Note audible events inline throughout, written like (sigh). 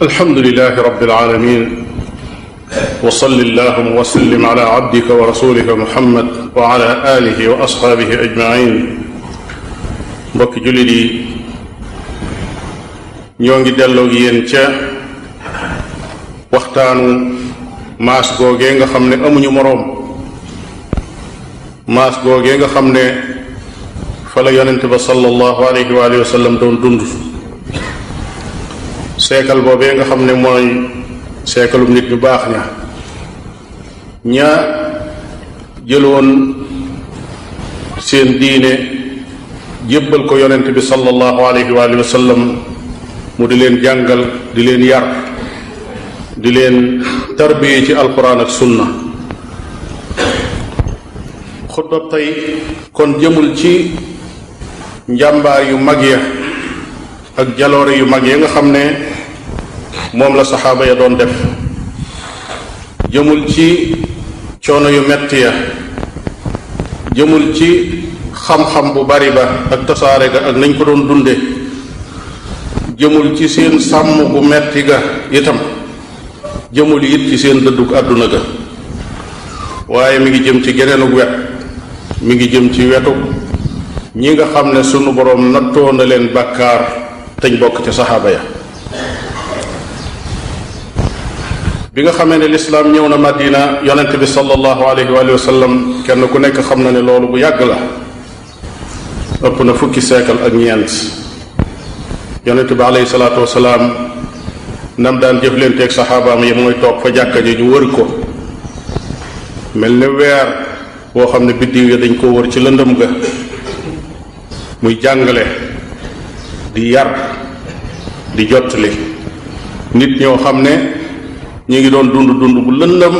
alhamdulilahi rabbil alamin wa salli allahuma wa sallim ala abdika wa rasulika muhammad wa ala alihi wa ashaabihi ajmain mbokki jullit yi ñoo ngi delloog yéen ca waxtaanu maas googee nga xam ne amuñu moroom maas googee nga xam ne fa la yonente ba sallallahu alayhi wa alihi wa sallam doon dund seekal boobee nga xam ne mooy seekalum nit ñu baax ña ña jëloon seen diine jébbal ko yonent bi sallallahu alayhi wa mu di leen jàngal di leen yar di leen tarbiye ci alquran ak sunna xutba tey kon jëmul ci njàmbaar yu mag ya ak jaloore yu mag ya nga xam ne moom la saxaaba ya doon def jëmul ci coono yu metti ya jëmul ci xam-xam bu bari ba ak tasaare ga ak nañ ko doon dunde jëmul ci seen sàmm bu metti ga itam jëmul it ci seen dëddu àdduna ga waaye mi ngi jëm ci geneenug wet mu ngi jëm ci wetu ñi nga xam ne sunu boroom nattoo na leen bàkkaar teñ bokk ca saxaaba ya bi nga xamee ne lislaam ñëw na madina yonent bi sallallahu alayhi wa sallam kenn ku nekk xam na ne loolu bu yàgg la ëpp na fukki siècle ak ñeent yonent bi alayhi salaatu salaam nam daan jëflanteeg saxaabaam yi mooy toog fa jàkka ji ñu wër ko mel ni weer boo xam ne biddiw yi dañ koo wër ci lëndëm ga muy jàngale di yar di jottali nit ñoo xam ne ñu ngi doon dund dund bu lëndëm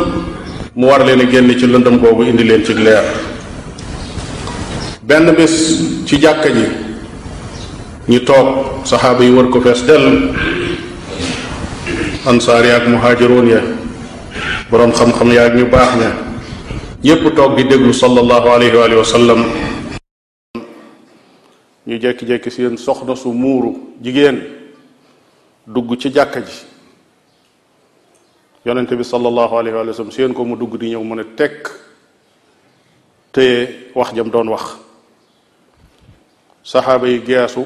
mu war leen génn ci lëndëm boobu indi leen ci leer benn bés ci jàkka ji ñu toog saxaaba yi war ko fees dell ansaar yaag muhaajiroon ya boroom xam-xam yaag ñu baax ña ñépp toog di déglu sallallahu alayhi wa sallam ñu jekki-jekki seen soxna su muuru jigéen dugg ci jàkka ji yonent bi sallallahu alayhi wa sallam seen ko mu dugg di ñëw mu ne tekk téye wax jam doon wax saxaaba yi geesu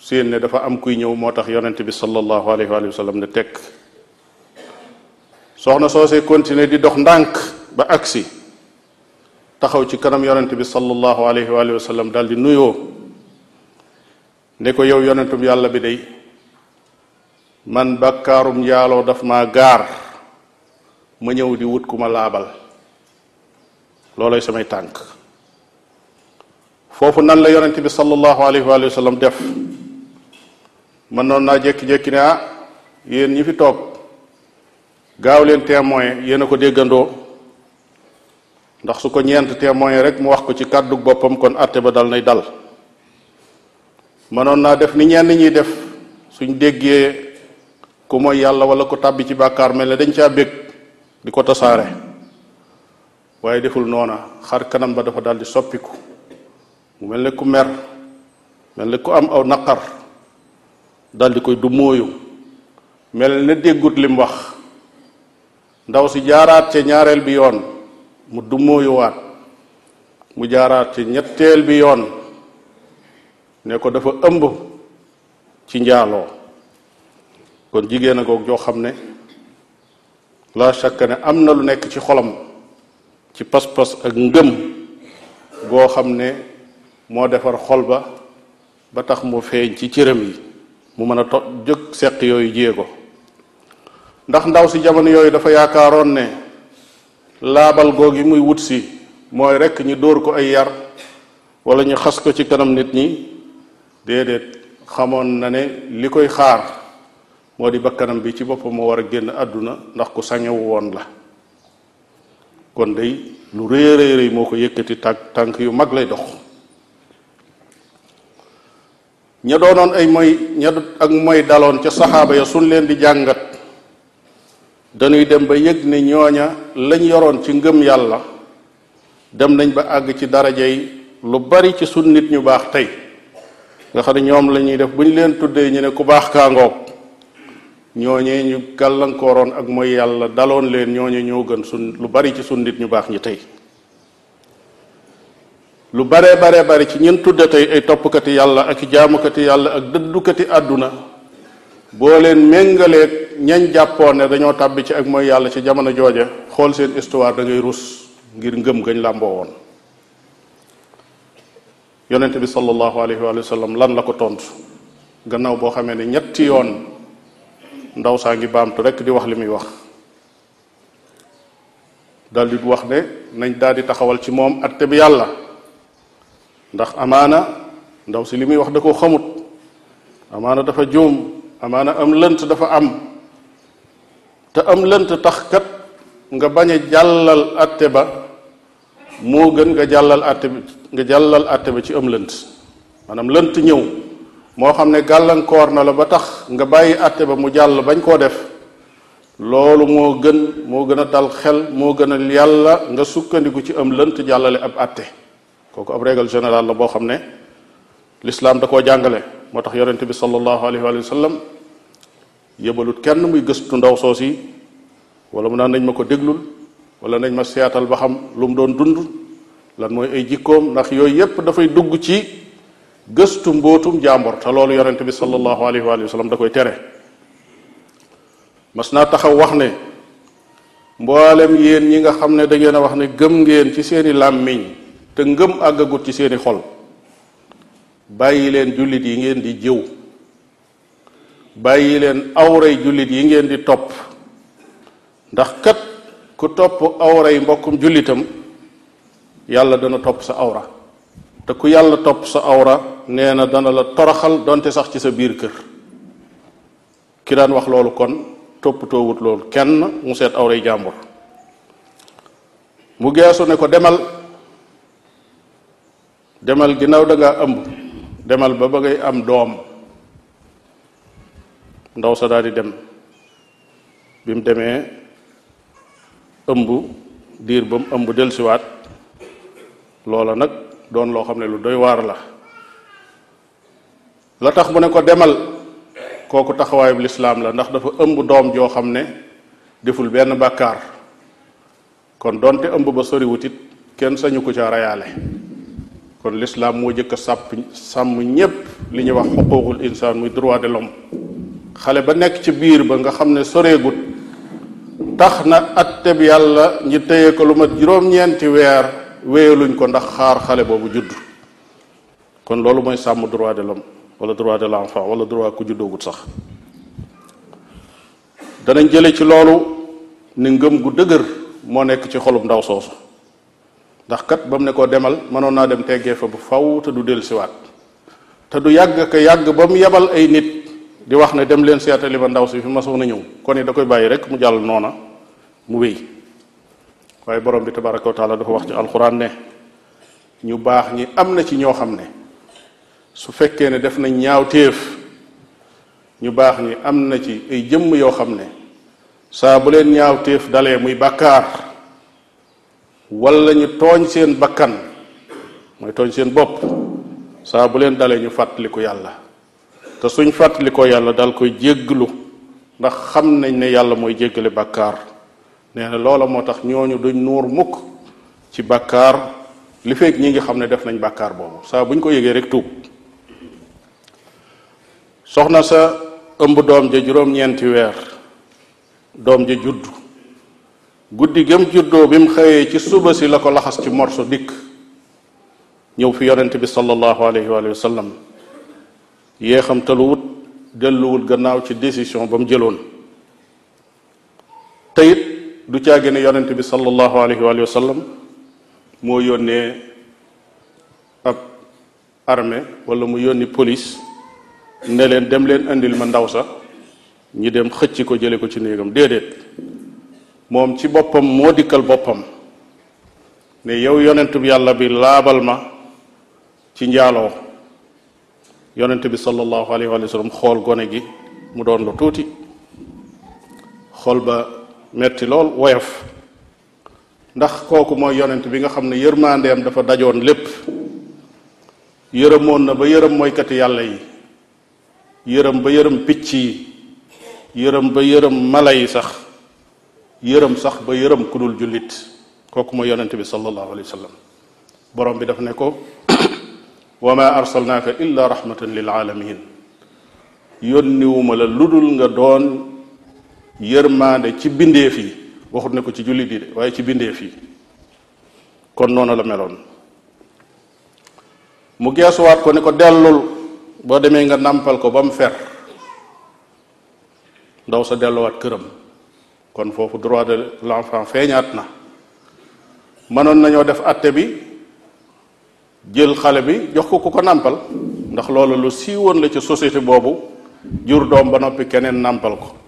seen ne dafa am kuy ñëw moo tax yonente bi sallallahu alayhi wa sallam ne tekk soxna soosee continuer di dox ndànk ba agsi taxaw ci kanam yonente bi sallallahu alayhi wa sallam daal di nuyoo ne ko yow yonentum yàlla bi day man bakkaarum yaaloo daf maa gaar ma ñëw di wut ku ma laabal loolooy samay tànk foofu nan la yonent bi sallallahu alayhi wa sallam def man noonu naa jékki-jékki ne ah yéen ñi fi toog gaaw leen témoin yéen a ko déggandoo ndax su ko ñeent témoin rek mu wax ko ci kàddu boppam kon àtte ba dal nay dal mënoon naa def ni ñenn ñiy def suñ déggee ku mooy yàlla wala ko tàbbi ci bàkkaar mel ne dañ caa bég di ko tasaare waaye deful noona xar kanam ba dafa daldi soppiku mu mel ne ku mer mel ne ku am aw naqar daldi koy du móoyu mel ne déggut lim wax ndaw si jaaraat ca ñaareel bi yoon mu du móoyuwaat mu jaaraat ca ñetteel bi yoon ne ko dafa ëmb ci njaaloo kon jigéen a goog joo xam ne la chaque ne am na lu nekk ci xolam ci pas-pas ak ngëm goo xam ne moo defar xol ba ba tax mu feeñ ci cëram yi mu mën a to jëkk seq yooyu ko ndax ndaw si jamono yooyu dafa yaakaaroon ne laabal googi muy wut si mooy rekk ñu dóor ko ay yar walla ñu xas ko ci kanam nit ñi déedéet xamoon na ne li koy xaar moo di bakkanam bi ci boppam moo war a génn àdduna ndax ku sañew woon la kon dey lu rëy rëy moo ko yëkkati tànk tànk yu mag lay dox ña doonoon ay moy ña ak moy daloon ca saxaaba ya suñ leen di jàngat dañuy dem ba yëg ni ñooña lañ yoroon ci ngëm yàlla dem nañ ba àgg ci darajey lu bari ci sun nit ñu baax tey nga xam ne ñoom lañuy def bu ñu leen tuddee ñu ne ku baax kaa ngoog ñooñee ñu gàllankooroon ak mooy yàlla daloon leen ñooñee ñoo gën su lu bari ci sun nit ñu baax ñi tey lu baree baree bari ci ñun tudde tey ay toppkati yàlla ak jaamukati yàlla ak dëddukati àdduna boo leen méngaleeg ñañ jàppoon ne dañoo tàbbi ci ak mooy yàlla ci jamono jooja xool seen histoire dangay rus ngir ngëm gañ làmboo woon yonente bi sallallahu alayhi wa sallam lan la ko tontu gannaaw boo xamee ne ñetti yoon ndaw saa ngi baamtu rekk di wax li muy wax daldi wax ne nañ daldi taxawal ci moom atte bi yàlla ndax amaana ndaw si li muy wax da koo xamut amaana dafa juum amaana am lënt dafa am te am lënt tax kat nga bañ a jàllal atte ba moo gën nga jàllal atte bi nga jàllal atte ba ci am lënt maanaam lënt ñëw moo xam ne gàllankoor na la ba tax nga bàyyi àtte ba mu jàll bañ koo def loolu moo gën moo gën a dal xel moo gën a yàlla nga sukkandiku ci am lënt jàllale ab àtte kooku ab règle générale la boo xam ne lislaam da koo jàngale moo tax yonente bi sallallahu alayhi wa sallam yëbalut kenn muy gëstu ndaw soos yi wala mu naan nañ ma ko déglul wala nañ ma seetal ba xam lu mu doon dund lan mooy ay jikkoom ndax yooyu yépp dafay dugg ci gëstu mbootum jàmbor te loolu yonente bi sallallahu alayhi wa sallam da koy tere mas naa taxaw wax ne mboolem yéen ñi nga xam ne da ngeen a wax ne gëm ngeen ci seeni làmmiñ te ngëm àggagut ci seeni xol bàyyi leen jullit yi ngeen di jëw bàyyi leen awray jullit yi ngeen di topp ndax kat ku topp awray mbokkum jullitam yàlla dana topp sa awra te ku yàlla topp sa awra nee na dana la toroxal donte sax ci sa biir kër ki daan wax loolu kon toppatoowut loolu kenn mu seet awray jàmbur mu geesu ne ko demal demal ginnaaw da ngaa ëmb demal ba ba am doom ndaw sa daal dem bi mu demee ëmb diir ba mu ëmb dellusiwaat loola nag doon loo xam ne lu doy waar la la tax bu ne ko demal kooku taxawaayu lislaam la ndax dafa ëmb doom joo xam ne deful benn bàkkaar kon doonte ëmb ba soriwut it kenn sañu ko ca rayaale kon lislaam moo jëkk a sàpp sàmm ñépp li ñuy wax xuququl insaan muy droit de l'homme xale ba nekk ci biir ba nga xam ne soreegut tax na atteb yàlla ñi téye ko lu mat juróom-ñeenti weer wéyaluñ ko ndax xaar xale boobu judd kon loolu mooy sàmm droit de l'homme wala droit de l'enfant wala droit ku juddoogut sax danañ jële ci loolu ni ngëm gu dëgër moo nekk ci xolum ndaw soosu ndax kat ba mu ne koo demal mënoon naa dem teggee fa bu faw te du siwaat te du yàgg ka yàgg ba mu yebal ay nit di wax ne dem leen seetali ba ndaw si fi masoon a ñëw kon yi da koy bàyyi rek mu jàll noona mu wéy waaye borom bi tabaraka wa taala dafa wax ci alxuraan ne ñu baax ñi am na ci ñoo xam ne su fekkee ne def nañ ñaaw téef ñu baax ñi am na ci ay jëmm yoo xam ne saa bu leen ñaaw téef dalee muy bàkkaar wala ñu tooñ seen bakkan mooy tooñ seen bopp saa bu leen dale ñu fàttaliku yàlla te suñ fàttalikoo yàlla dal koy jégglu ndax xam nañ ne yàlla mooy jéggale bàkkaar nee na loola moo tax ñooñu duñ nuur mukk ci bàkkaar li feeg ñi nga xam ne def nañ bàkkaar boobu saa buñ ko yëgee rek tuub soxna sa ëmb doom ja juróom weer doom ja judd guddi gëm juddoo bi mu xëyee ci suba si la ko laxas ci morso dikk ñëw fi yonent bi sallallahu alayhi wa sallam yee xam delluwul gannaaw ci décision ba mu jëloon te du caagi ne yonent bi sallallahu alayhi wa sallam moo yónnee ab armée wala mu yónni police ne leen dem leen indil ma ndaw sax ñi dem xëcc ko jële ko ci néegam déedéet moom ci boppam moo dikkal boppam ne yow yonent bi yàlla bi laabal ma ci njaaloo yonent bi sallallahu alayhi wa sallam xool gone gi mu doon lu tuuti xool ba metti lool woyof ndax kooku mooy yonent bi nga xam ne yërmandeem dafa dajoon lépp yërëmoon na ba yërëm mooykati yàlla yi yërëm ba yërëm picc yi yërëm ba yërëm mala yi sax yërëm sax ba yërëm ku dul jullit kooku mooy yonent bi sallallahu alayhi wa sallam borom bi daf ne ko (coughs) wa ma arsalnaaka illa rahmatan lil alamin yónniwuma la ludul nga doon yërmaande ci bindeef yi waxut ne ko ci jullit yi de waaye ci bindeef yi kon noonu la meloon mu geesuwaat ko ne ko dellul boo demee nga nàmpal ko ba mu fer ndaw sa delluwaat këram kon foofu droit de l'enfant feeñaat na mënoon nañoo def atte bi jël xale bi jox ko ku ko nàmpal ndax loolu lu siiwoon la ci société boobu jur doom ba noppi keneen nàmpal ko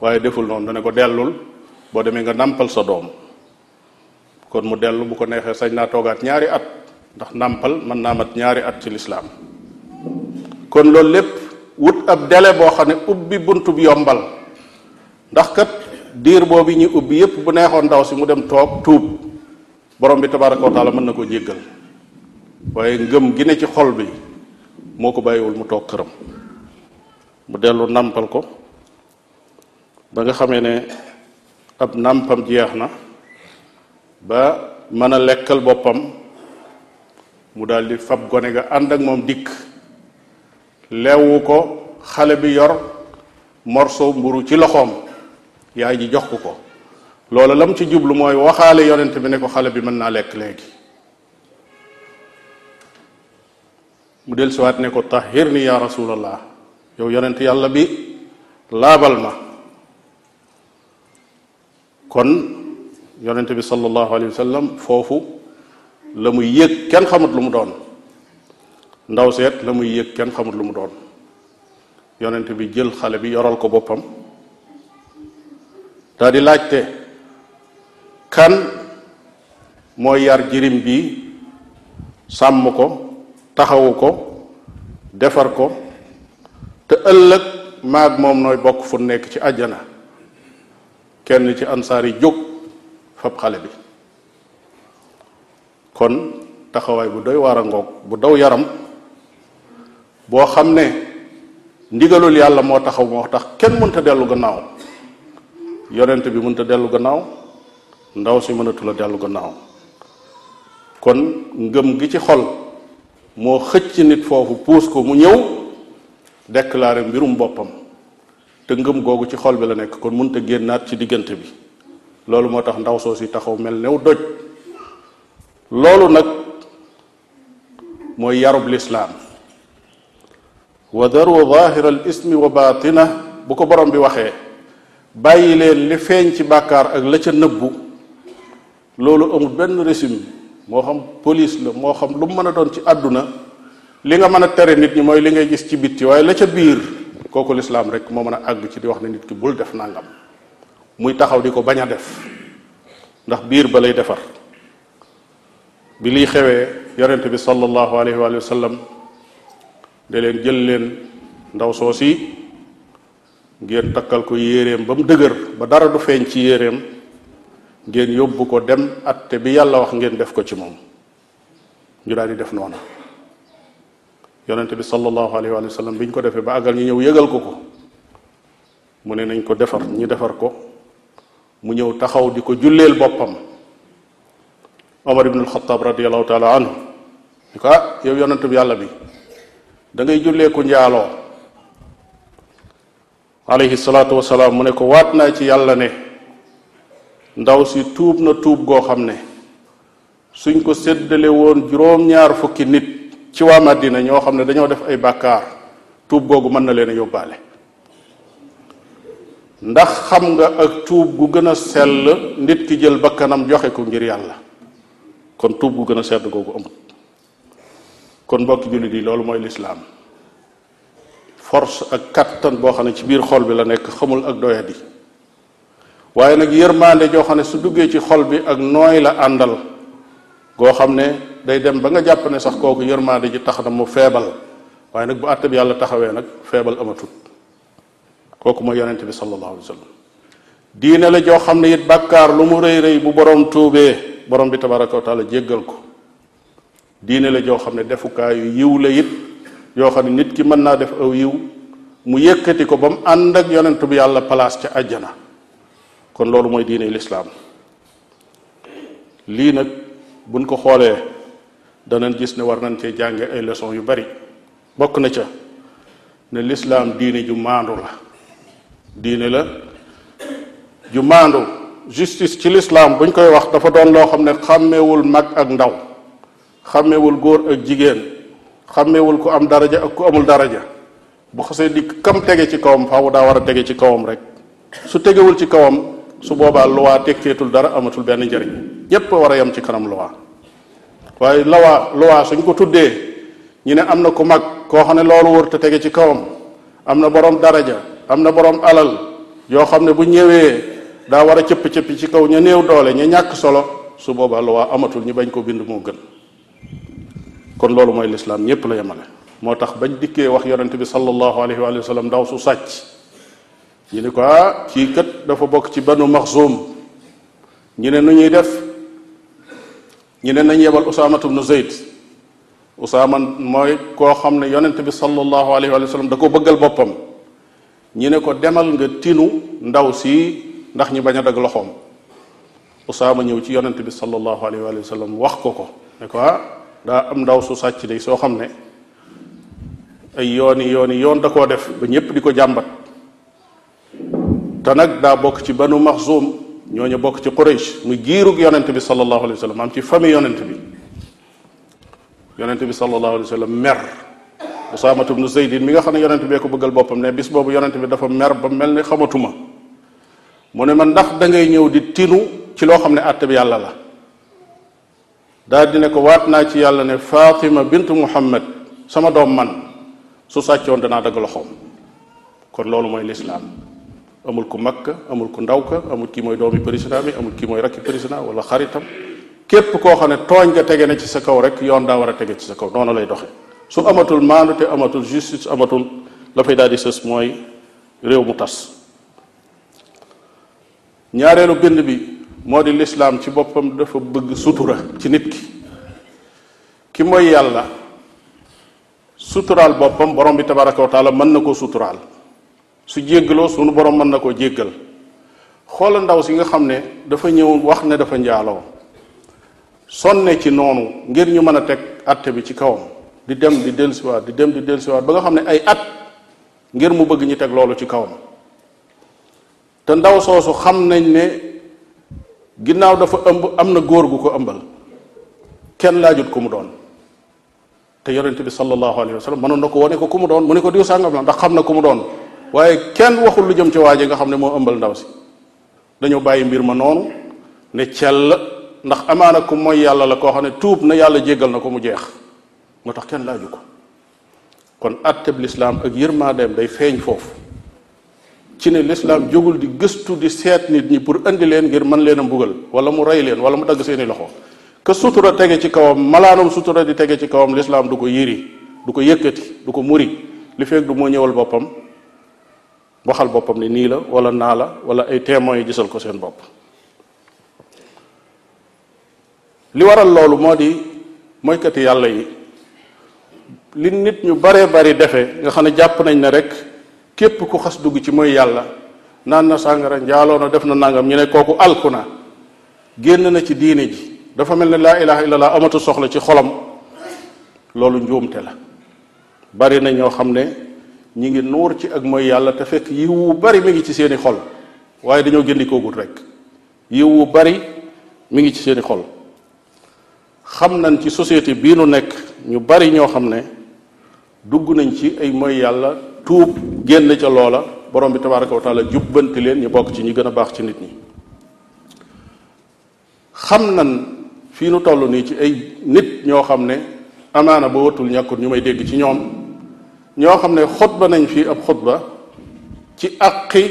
waaye deful noonu dana ko dellul boo demee nga nàmpal sa doom kon mu dellu bu ko neexee sañ naa toogaat ñaari at ndax nàmpal mën naa mat ñaari at ci lislaam kon loolu lépp wut ab délai boo xam ne ubbi buntu bu yombal ndax kat diir boobu ñuy ubbi yépp bu neexoon ndaw si mu dem toog tuub borom bi tabaraka wa mën na ko jéggal waaye ngëm gi ne ci xol bi moo ko bàyyiwul mu toog këram mu dellu nàmpal ko ba nga xamee ne ab nàmpam jeex na ba mën a lekkal boppam mu daldi fab gone ga ànd ak moom dikk leewu ko xale bi yor morso mburu ci loxoom yaay ji jox ko ko loolu lam ci jublu mooy waxaale yonent bi ne ko xale bi mën naa lekk léegi mu dellusiwaat ne ko tahir ni yaa rasulallah yow yonent yàlla bi laabal ma kon yonent bi sallallahu alayhi wa sallam foofu la muy yëg kenn xamut lu mu doon ndaw seet la muy yëg kenn xamut lu mu doon yonent bi jël xale bi yoral ko boppam daal di laajte kan mooy yar jirim bi sàmm ko taxawu ko defar ko te ëllëg maag moom nooy bokk fu nekk ci àjjana kenn ci ansaar yi jóg fab xale bi kon taxawaay bu doy waar ngoog bu daw yaram boo xam ne ndigalul yàlla moo taxaw moo tax kenn mënta dellu gannaaw yonent bi mënta dellu gannaaw ndaw si mënatula dellu gannaaw kon ngëm gi ci xol moo xëcc nit foofu puus ko mu ñëw déclarer mbirum boppam te ngëm googu ci xol bi la nekk kon mënut a génnaat ci diggante bi loolu moo tax ndaw soo si taxaw mel new doj loolu nag mooy yarub lislaam wa daru zahira al ismi wa batina bu ko borom bi waxee bàyyi leen li feeñ ci bàkkaar ak la ca nëbbu loolu amul benn régime moo xam police la moo xam lu mu mën a doon ci àdduna li nga mën a tere nit ñi mooy li ngay gis ci bitti waaye la ca biir kooku lislaam rek moo mën a àgg ci di wax na nit ki bul def nangam muy taxaw di ko bañ a def ndax biir ba lay defar bi liy xewee yonent bi sallallahu alayhi wa sallam da leen jël leen ndaw soosi ngeen takkal ko yéeréem ba mu dëgër ba dara du feeñ ci yéeréem ngeen yóbbu ko dem atte bi yàlla wax ngeen def ko ci moom ñu daal di def noonu yonente bi sallallahu alayhi wa sallam bi ñu ko defee ba àggal ñu ñëw yëgal ko ko mu ne nañ ko defar ñu defar ko mu ñëw taxaw di ko julleel boppam omar ibn alxataab radiallahu taala anhu ah, yàlla bi da ngay jullee ku njaaloo alayhi salaatu wasalaam mu ne ko waat naa ci yàlla ne ndaw si tuub na tuub goo xam ne suñ ko séddale woon juróom-ñaar fukki nit ci waa Madina ñoo xam ne dañoo def ay bàkkaar tuub googu mën na leen a yóbbaale ndax xam nga ak tuub gu gën a sell nit ki jël bakkanam joxe ko ngir yàlla kon tuub gu gën a sedd googu amut kon mbokki jullit yi loolu mooy lislaam force ak kattan boo xam ne ci biir xol bi la nekk xamul ak doyadi waaye nag yërmaande joo xam ne su duggee ci xol bi ak nooy la àndal goo xam ne day dem ba nga jàpp sax kooku yërmaande ji tax na mu feebal waaye nag bu àtte yàlla taxawee nag feebal amatut kooku mooy yonente bi sallallahu alayhi wa sallam diine la joo xam ne it bàkkaar lu mu rëy rëy bu borom tuubee borom bi tabaraka wa taala jéggal ko diine la joo xam ne defukaayu yiw la yit yoo xam ne nit ki mën naa def aw yiw mu yëkkati ko ba mu ànd ak yonentu bi yàlla place ca àjjana kon loolu mooy diine lislaam lii nag buñ ko xoolee danañ gis ne war nañ cee jànge ay leçons yu bari bokk na ca ne lislaam diine ju maandu la diine la ju maandu justice ci lislaam buñ koy wax dafa doon loo xam ne xàmmewul mag ak ndaw xàmmewul góor ak jigéen xàmmewul ku am daraja ak ku amul daraja bu xasee dikk kam tege ci kawam faaw daa war a tege ci kawam rek su tegewul ci kawam su boobaa luwaa tekkeetul dara amatul benn njëriñ ñépp war a yem ci kanam luwaa waaye lawaa luwaa suñ ko tuddee ñu ne am na ku mag koo xam ne loolu wër te tege ci kawam am na borom daraja am na borom alal yoo xam ne bu ñëwee daa war a cëpp-cëpp ci kaw ña néew doole ña ñàkk solo su boobaa luwaa amatul ñu bañ koo bind moo gën kon loolu mooy lislaam ñépp la yemale moo tax bañ dikkee wax yonente bi sallallahu alayhi wa sallam ndaw su sàcc ñu ni ko ah kii kat dafa bokk ci banu maxzum ñu ne nu ñuy def ñu ne nañ yebal usaamatu bnu zeyd usaama mooy koo xam ne yonent bi sallallahu alayhi wa sallam da ko bëggal boppam ñu ne ko demal nga tinu ndaw si ndax ñi bañ a dagg loxoom usaama ñëw ci yonent bi sallallahu alayhi wa sallam wax ko ko ne ko ah daa am ndaw su sàcc de soo xam ne ay yooni yooni yoon da koo def ba ñépp di ko jàmbat te nag daa bokk ci banu maxzum ñooñu bokk ci Quraysh mu giirug yonent bi sallallahu alayhi wa sallam am ci famille yonent bi yonent bi sallallahu alayhi wa sallam mer Usaamatu bnu Zaydin mi nga xam ne yonent bee ko bëggal boppam ne bis boobu yonent bi dafa mer ba mel ni xamatuma mu ne man ndax dangay ñëw di tinu ci loo xam ne àtte bi yàlla la daal di ne ko waat naa ci yàlla ne Fatima bint Muhammad sama doom man su sàccoon danaa dagg loxoom kon loolu mooy lislaam amul ku mag amul ku ndaw ka amul kii mooy doomi président bi amul kii mooy rakki président wala xaritam képp koo xam ne tooñ nga tege na ci sa kaw rek yoon daa war a tege ci sa kaw noonu lay doxe su amatul maandu te amatul justice amatul la fay daal di sës mooy réew mu tas ñaareelu bind bi moo di lislaam ci boppam dafa bëgg sutura ci nit ki ki mooy yàlla suturaal boppam borom bi tabaraka wa mën na koo suturaal su jéggaloo sunu borom mën na koo jéggal xoola ndaw si nga xam ne dafa ñëw wax ne dafa njaaloo sonne ci noonu ngir ñu mën a teg atte bi ci kawam di dem di dellusiwaat di dem di dellusiwaat ba nga xam ne ay at ngir mu bëgg ñu teg loolu ci kawam te ndaw soosu xam nañ ne ginnaaw dafa ëmb am na góor gu ko ëmbal kenn laajut ku mu doon te yonente bi sallallahu alayhi wa sallam na ko wane ko ku mu doon mu ne ko diw sàngam la ndax xam na ku mu doon waaye kenn waxul lu jëm ci waa ji nga xam ne moo ëmbal ndaw si dañoo bàyyi mbir ma noonu ne cell ndax amaana ku mooy yàlla la koo xam ne tuub na yàlla jéggal na ko mu jeex moo tax kenn laaju ko kon atteb lislaam ak yërmandeem day feeñ foofu ci ne lislaam jógul di gëstu di seet nit ñi pour indi leen ngir mën leen a mbugal wala mu rey leen wala mu dagg seeni loxo que sutura tege ci kawam malaanam sutura di tege ci kawam lislaam du ko yiri du ko yëkkati du ko muri li feeg moo ñëwal boppam waxal boppam ne nii la wala naa la wala ay temoon yi gisal ko seen bopp li waral loolu moo di moykati yàlla yi li nit ñu baree bari defe nga xam ne jàpp nañ ne rek képp ku xas dugg ci mooy yàlla naan na sàngara njaaloo na def na nangam ñu ne kooku alku na génn na ci diine ji dafa mel ne laa ilaha illallah amatu soxla ci xolam loolu njuumte la bari na ñoo xam ne ñi ngi nuur ci ak mooy yàlla te fekk yiw wu bari mu ngi ci seeni xol waaye dañoo koo gut rek yiw wu bari mu ngi ci seeni xol xam nañ ci société bii nu nekk ñu bari ñoo xam ne dugg nañ ci ay mooy yàlla tuub génn ca loola borom bi tabaraka wa taala jubbanti leen ñu bokk ci ñi gën a baax ci nit ñi xam nañ fii nu toll nii ci ay nit ñoo xam ne amaana ba watul ñàkkut ñu may dégg ci ñoom ñoo xam ne ba nañ fii ab xutba ci àqi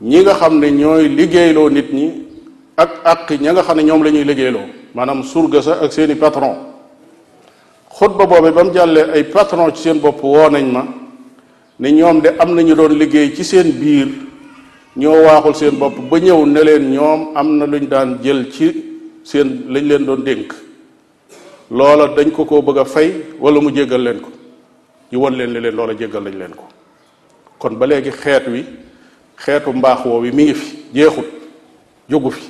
ñi nga xam ne ñooy liggéeyloo nit ñi ak àqi ña nga xam ne ñoom lañuy ñuy liggéeyloo maanaam surga sax ak seeni patron xutba boobu ba mu jàllee ay patron ci seen bopp woo nañ ma ne ñoom de am nañu doon liggéey ci seen biir ñoo waaxul seen bopp ba ñëw ne leen ñoom am na lu luñ daan jël ci seen lañ leen doon dénk loola dañ ko ko bëgg a fay wala mu jéggal leen ko ñu won leen ne leen loola jéggal lañ leen ko kon ba léegi xeet wi xeetu mbaax woo wi mi ngi fi jeexut jógu fi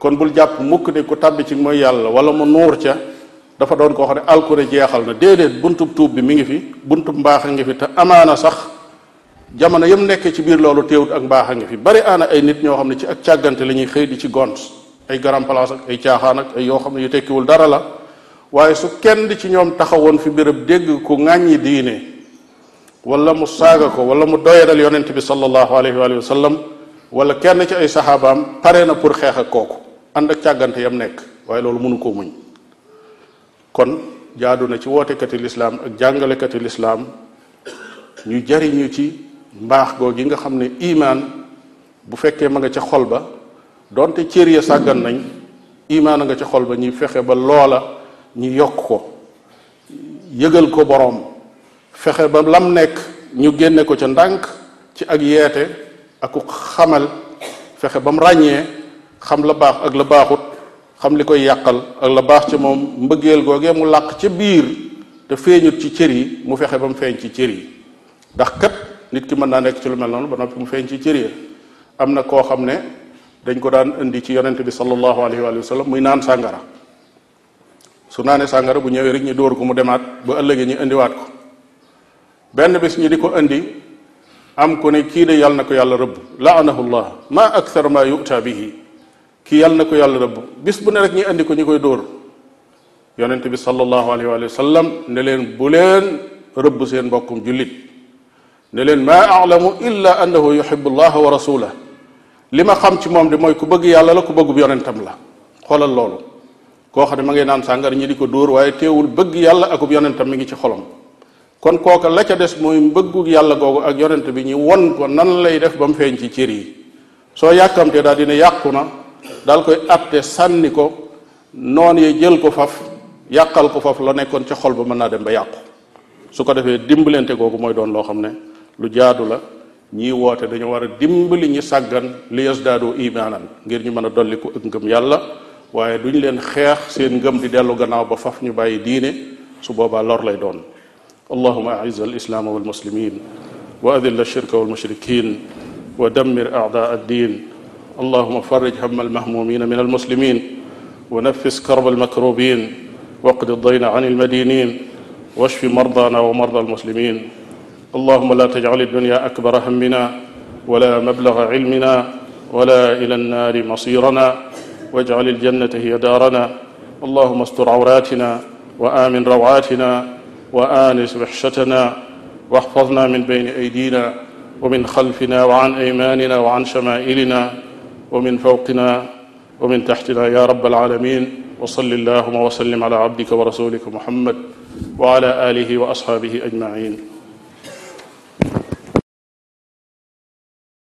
kon bul jàpp mukk ne ku tàbbi ci mooy yàlla wala mu nuur ca dafa doon ko xam ne alkure jeexal na déedéet buntu tuub bi mi ngi fi buntub mbaax a ngi fi te amaana sax jamono yam nekk ci biir loolu téewut ak mbaax a ngi fi bari aana ay nit ñoo xam ne ci ak càggante la ñuy xëy di ci gont ay garam place ak ay caaxaan ak yoo xam ne yu tekkiwul dara la waaye su kenn ci ñoom taxawoon fi béréb dégg ku ŋàññi diine wala mu saaga ko wala mu doyadal yonent bi sallallahu alayhi wa sallam wala kenn ci ay saxaabaam pare na pour xeex kooku ànd ak càggante yam nekk waaye loolu mënu koo muñ kon jaadu na ci wootekati lislaam ak jàngalekati lislaam ñu jariñu ci mbaax googi nga xam ne iimaan bu fekkee ma nga ca xol ba donte cër ya sàggan nañ imaan a nga ca xol ba ñuy fexe ba loola ñu yokk ko yëgal ko boroom fexe ba lam nekk ñu génne ko ca ndànk ci ak yeete aku xamal fexe ba mu ràññee xam la baax ak la baaxut xam li koy yàqal ak la baax ci moom mbëggeel googee mu làq ci biir te feeñut ci cër yi mu fexe ba mu feeñ ci cër yi ndax kat nit ki mën naa nekk ci lu mel noonu ba noppi mu feeñ ci cër yi am na koo xam ne dañ ko daan indi ci yonente bi sallallahu alayhi wa sallam muy naan sàngara su naanee sàngara bu ñëwee rek ñu dóor ko mu demaat ba ëllëgee ñu indiwaat ko benn bis ñi di ko indi am ko ne kii de yàlla na ko yàlla rëbb laanahu llah ma akthar ma yuta bihi kii yàlla na ko yàlla rëbb bis bu ne rek ñu indi ko ñu koy dóor yonente bi sallallahu alayhi wa sallam ne leen bu leen rëbb seen mbokkum jullit ne leen ma alamu illa annahu yuhibu llah wa rasulah li ma xam ci moom de mooy ku bëgg yàlla la ku bëggub yonentam la xoolal lool koo xam ne ma ngay naan sàngara ñi di ko dóor waaye teewul bëgg yàlla akub yonentam mu ngi ci xolam kon kooka la ca des mooy mbëggu yàlla googu ak yonent bi ñu won ko nan lay def ba mu feeñ ci cër yi soo yàkkamtee daal dina yàqu na daal koy atte sànni ko noon ye jël ko faf yàqal ko faf la nekkoon ca xol ba mën naa dem ba yàqu su ko defee dimbalante googu mooy doon loo xam ne lu jaadu la ñiy woote dañu war a dimbali ñi sàggan li yasdaadu imaanan ngir ñu mën a dolliku ak ngëm yàlla waaye duñ leen xeex seen ngëm di dellu gannaaw ba faf ñu bàyyi diine su boobaa lor lay doon allahuma aiz al islaama walmuslimin wa adil alshirka walmushrikin wa dammir aada addin allahuma farij hamma almahmumina min almuslimin wa nafis karba almakrubin waqdi dayna an almadinin washfi mardana wa marda almuslimin allahuma la tajcal aldunya akbara hammina wala mablaga cilmina wala ila annaari masirana واجعل الجنة هي دارنا اللهم استر عوراتنا وآمن روعاتنا وآنس وحشتنا واحفظنا من بين أيدينا ومن خلفنا وعن أيماننا وعن شمائلنا ومن فوقنا ومن تحتنا يا رب العالمين وصل اللهم وسلم على عبدك ورسولك محمد وعلى آله وأصحابه أجمعين